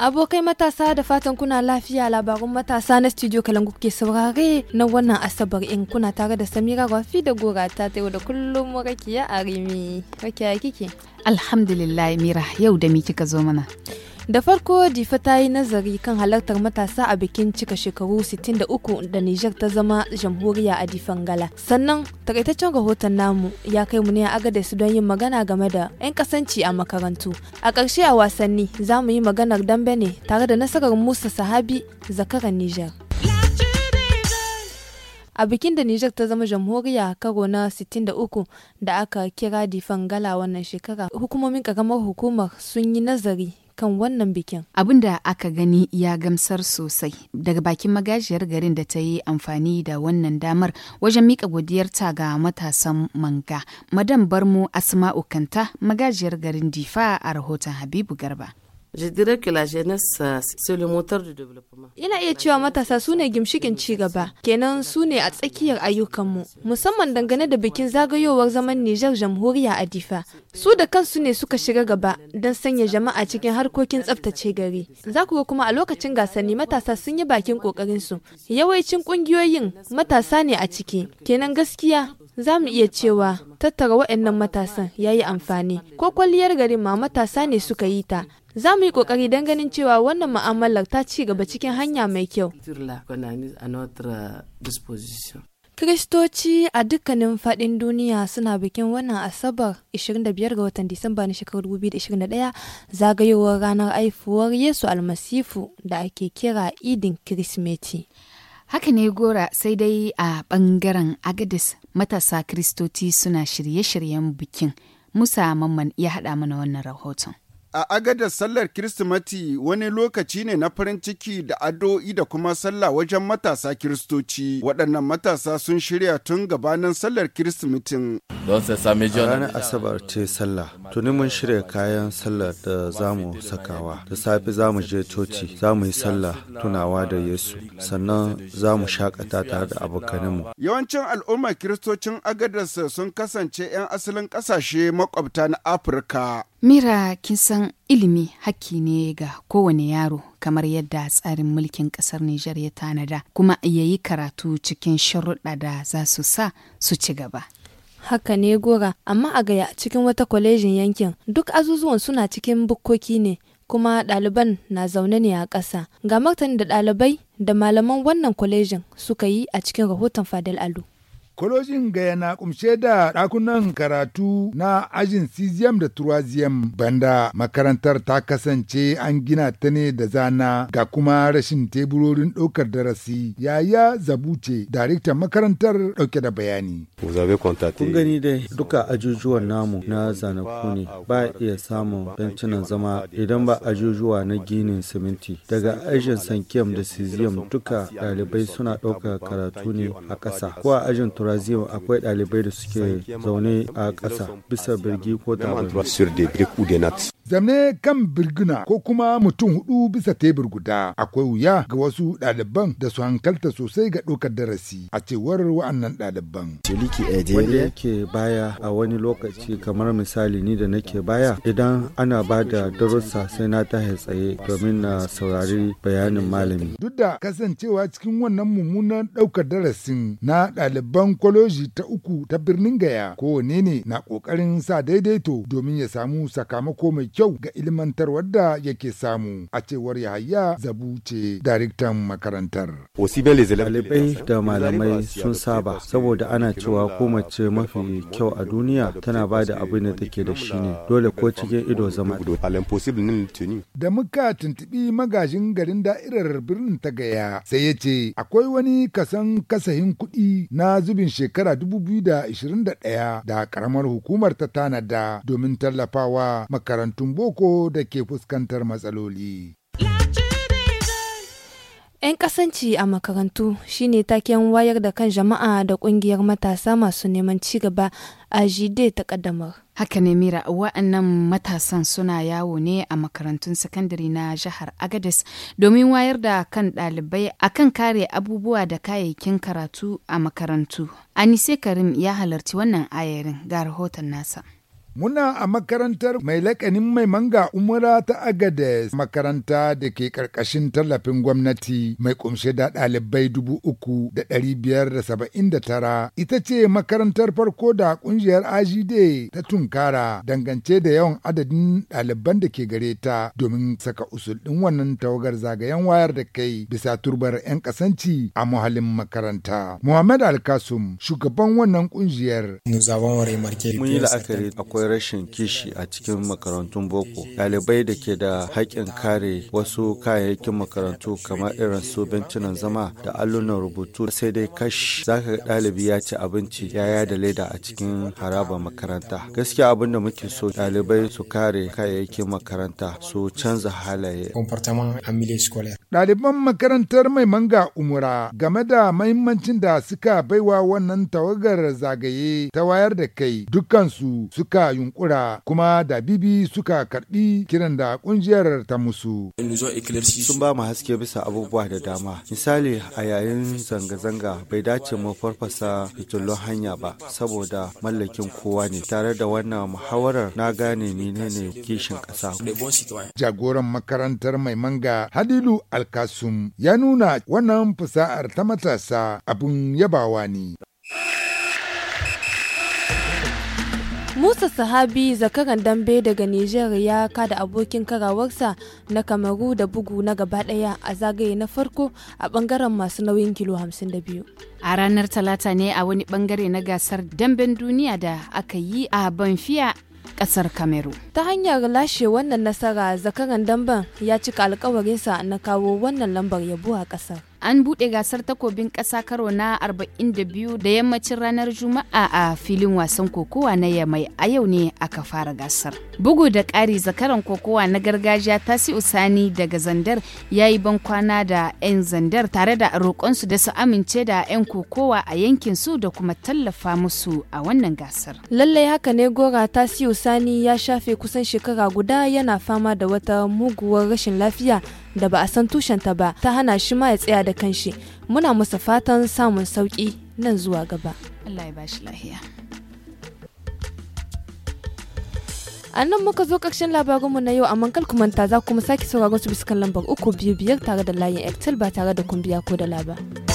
Abokai matasa da fatan kuna lafiya labarun matasa na studio Kalangu ke saurare na wannan Asabar in kuna tare da Samira Rafi da Gora ta ta da kullum Rakiya rimi Rakiya kike? Alhamdulillah Mira yau da mi kika zo mana. Da farko Difa ta yi nazari kan halartar matasa a bikin cika shekaru 63 da Nijar ta zama jamhuriya a Difangala. Sannan takaitaccen rahoton namu ya kai mu ne a Agadez don yin magana game da 'yan kasanci a makarantu. A ƙarshe a wasanni za mu yi maganar dambe ne tare da nasarar Musa Sahabi zakaran Nijar. a bikin da Nijar ta zama jamhuriya karo na 63 da aka kira difangala wannan shekara hukumomin karamar hukumar sun yi nazari kan wannan bikin? Abin da aka gani ya gamsar sosai daga bakin magajiyar garin da ta yi amfani da wannan damar wajen mika godiyarta ga matasan manga. Madan Barmu Asma'u Kanta magajiyar garin Difa a rahoton Habibu Garba. Je euh, Ina iya cewa matasa su ne gimshikin ci gaba, kenan su ne a tsakiyar ayyukanmu, musamman dangane da bikin zagayowar zaman Nijar Jamhuriya a Difa. Su da kansu ne suka shiga gaba don sanya jama'a cikin harkokin tsaftace gari. Za ku ga kuma a lokacin gasanni matasa sun yi bakin kokarin su. Yawancin kungiyoyin matasa ne a ciki. Kenan gaskiya za mu iya cewa tattara waɗannan matasan ya yi amfani ko kwalliyar garin ma matasa ne suka yi ta Za mu yi ƙoƙari don ganin cewa wannan mu'amalar ta ci gaba cikin hanya mai kyau. Euh, kiristoci a dukkanin fadin duniya suna bikin wannan Asabar 25 ga watan Disamba na shekarar 2021 zagayowar ranar aifuwar Yesu almasifu da ake kira idin kirismeti. Haka ne gora sai dai a bangaren Agadis matasa Kiristoci suna shirye-shiryen bikin. Musa Mamman ya haɗa mana wannan rahoton. A agadar sallar Kirsimati wani lokaci ne na farin ciki da addu'o'i da kuma sallah wajen matasa Kiristoci. Waɗannan matasa sun shirya tun gabanin sallar Kirsimetin. A ranar Asabar ce sallah. Tuni mun shirya kayan sallar da za mu sakawa. Da safe za mu je coci, za mu yi sallah tunawa da Yesu. Sannan za mu shakata tare da abokanmu. Yawancin al'ummar Kiristocin agadarsa sun kasance 'yan asalin ƙasashe makwabta na Afirka. Mira kin san ilimi hakki ne ga kowane yaro kamar yadda tsarin mulkin ƙasar Nijar ya tanada kuma ya yi karatu cikin sharuɗa da za su sa su ci gaba. Haka ne gora, amma a gaya cikin wata kwalejin yankin duk azuzuwan suna cikin bukkoki ne kuma ɗaliban na zaune ne a ƙasa. Ga martani da ɗalibai da malaman wannan kwalejin suka yi a cikin rahoton Fadel Alu. Kwalojin gaya na kumshe da ɗakunan karatu na ajin CZM da Turaziyam banda makarantar ta kasance an gina ta ne da zana ga kuma rashin teburorin ɗaukar darasi yaya zabuce daraktan makarantar ɗauke da bayani. Kun gani dai duka ajujuwan namu na zanaku ne ba iya samun bencinan zama idan ba ajujuwa na ginin siminti daga ajin sankiyam da siziyam duka ɗalibai suna ɗaukar karatu ne a ƙasa ko ajin brazil akwai ɗalibai da suke zaune a ƙasa bisa birgi ko tabarmi zamne kan birguna ko kuma mutum hudu bisa tebur guda akwai wuya ga wasu ɗaliban da su hankalta sosai ga ɗaukar darasi a cewar wa'annan ɗaliban. Wanda yake baya a wani lokaci kamar misali ni da nake baya idan ana ba da darussa sai na ta tsaye domin na saurari bayanin malami. Duk da kasancewa cikin wannan mummunan ɗaukar darasin na ɗaliban kwaloji ta uku ta birnin Gaya kowane ne na ƙoƙarin sa daidaito domin ya samu sakamako mai kyau. kyau ga ilmantarwar da yake samu a cewar Yahaya Zabu ce daraktan makarantar. Ɗalibai da malamai sun saba saboda ana cewa ko mace mafi kyau a duniya tana ba da abin da take da shi ne dole ko cikin ido zama. Da muka tuntubi magajin garin da'irar birnin ta gaya sai ya ce akwai wani kasan kasahin kuɗi na zubin shekara 2021 da karamar hukumar ta tanada domin tallafawa makarantun boko da ke fuskantar matsaloli. 'Yan kasanci a makarantu shine taken wayar da kan jama'a da kungiyar matasa masu neman ci gaba a jide ta kaddamar. Haka ne Mira, wa'annan matasan suna yawo ne a makarantun sakandare na jihar Agadez domin wayar da kan ɗalibai akan kare abubuwa da kayayyakin karatu a makarantu. Anise Karim ya halarci wannan ayarin ga rahoton nasa. Muna a makarantar mai lakanin mai manga umura ta Agades makaranta da ke ƙarƙashin tallafin gwamnati mai ƙunshe da ɗalibai dubu uku da ɗari biyar da saba'in da tara. Ita ce makarantar farko da ƙungiyar AGD ta tunkara dangance da yawan adadin ɗaliban da ke gare ta domin saka usul ɗin wannan tawagar zagayen wayar da kai bisa turbar 'yan kasanci a muhallin makaranta. Muhammad Alkasum shugaban wannan ƙungiyar. Mun yi la'akari akwai akwai rashin kishi a cikin makarantun boko ɗalibai da ke da haƙƙin kare wasu kayayyakin makarantu kamar irin su bincinan zama da allunan rubutu sai dai kash zaka ga ɗalibi ya ci abinci yaya da leda a cikin haraba makaranta gaskiya abin da muke so ɗalibai su kare kayayyakin makaranta su canza halaye ɗaliban makarantar mai manga umura game da mahimmancin da suka baiwa wannan tawagar zagaye ta wayar da kai dukansu suka yunkura kuma da bibi suka karbi kiran da kungiyar ta musu. Sun ba mu haske bisa abubuwa da dama. Misali a yayin zanga-zanga bai dace mu farfasa fitulun hanya ba saboda mallakin kowa ne tare da wannan muhawarar na gane ni ne ne kishin ƙasa. Jagoran makarantar mai manga Halilu Alkasum ya nuna wannan fasa'ar ta matasa abun yabawa ne. Musa Sahabi zakaran dambe daga Nijar ya kada abokin karawarsa na Kamaru da bugu na gaba ɗaya a zagaye na farko a bangaren masu nauyin kilo 52. A ranar Talata ne a wani bangare na gasar damben duniya da aka yi a Banfiya kasar Kameru. Ta hanyar lashe wannan nasara zakaran damben ya cika alkawarinsa na kawo wannan lambar yabo a kasar. an buɗe gasar takobin ƙasa karo na 42 da yammacin ranar juma'a a filin wasan kokowa na yamai a yau ne aka fara gasar bugu da ƙari zakaran kokowa na gargajiya tasi usani daga zandar ya yi ban kwana da 'yan zandar tare da roƙonsu da su amince da 'yan kokowa a yankin su da kuma tallafa musu a wannan gasar lallai haka ne gora tasi usani ya shafe kusan shekara guda yana fama da wata muguwar rashin lafiya da ba a san tushenta ba ta hana shi ma ya tsaya da kanshi muna masa fatan samun sauki nan zuwa gaba Allah ya bashi lahiya a nan muka zo ƙarshen labarinmu na yau amma kal manta za kuma sake sauraron su bisa lambar uku biyu biyar tare da layin airtel ba tare da kumbiya ko da laba.